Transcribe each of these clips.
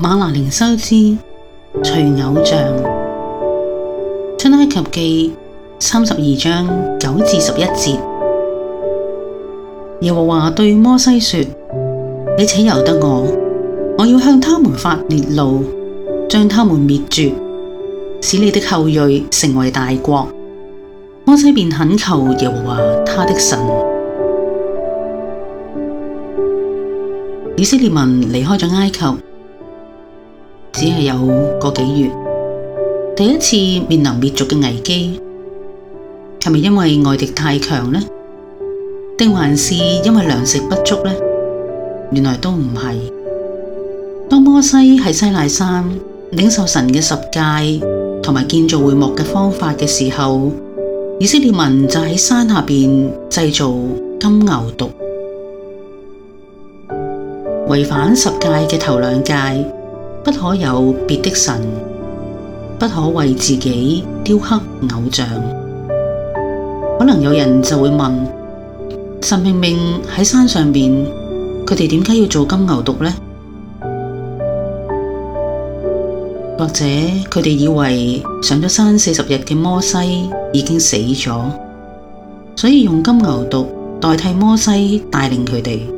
馬拿連靈修除偶像，出埃及記三十二章九至十一節。耶和華對摩西說：你且由得我，我要向他們發烈怒，將他們滅絕，使你的後裔成為大國。摩西便懇求耶和華他的神。以色列民離開咗埃及。只係有個幾月，第一次面臨滅族嘅危機，係咪因為外敵太強呢？定還是因為糧食不足呢？原來都唔係。當摩西喺西奈山領受神嘅十誡同埋建造會幕嘅方法嘅時候，以色列民就喺山下邊製造金牛犢，違反十誡嘅頭兩誡。不可有別的神，不可為自己雕刻偶像。可能有人就會問：神明明喺山上邊，佢哋點解要做金牛犢呢？」或者佢哋以為上咗山四十日嘅摩西已經死咗，所以用金牛犢代替摩西帶領佢哋。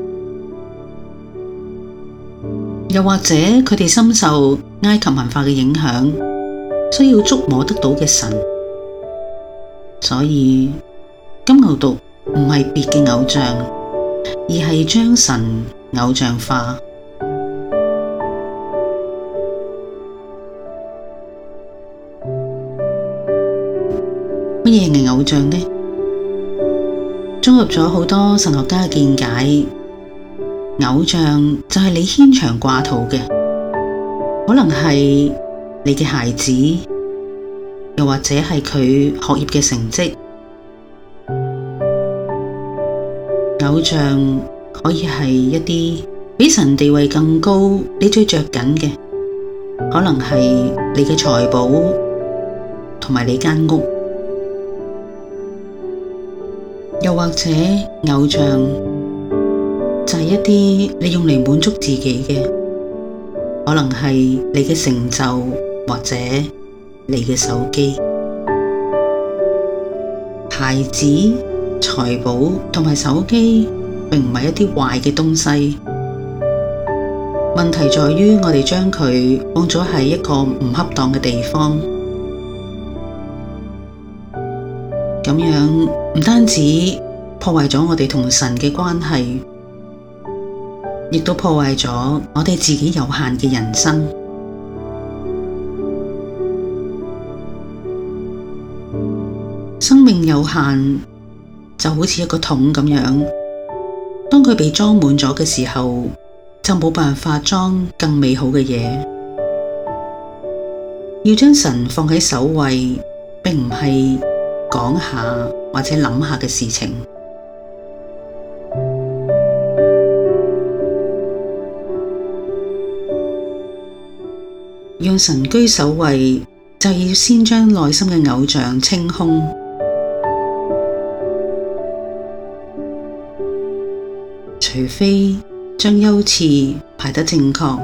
又或者佢哋深受埃及文化嘅影響，需要捉摸得到嘅神，所以金牛犢唔係別嘅偶像，而係將神偶像化。乜嘢係偶像呢？綜合咗好多神學家嘅見解。偶像就係你牽腸掛肚嘅，可能係你嘅孩子，又或者係佢學業嘅成績。偶像可以係一啲比神地位更高你最着緊嘅，可能係你嘅財寶同埋你間屋，又或者偶像。就係一啲你用嚟滿足自己嘅，可能係你嘅成就，或者你嘅手機、牌子、財寶同埋手機，並唔係一啲壞嘅東西。問題在於我哋將佢放咗喺一個唔恰當嘅地方，咁樣唔單止破壞咗我哋同神嘅關係。亦都破壞咗我哋自己有限嘅人生。生命有限，就好似一個桶咁樣，當佢被裝滿咗嘅時候，就冇辦法裝更美好嘅嘢。要將神放喺首位，並唔係講下或者諗下嘅事情。讓神居首位，就要先將內心嘅偶像清空，除非將優次排得正確，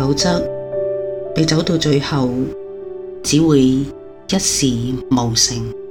否則你走到最後只會一事無成。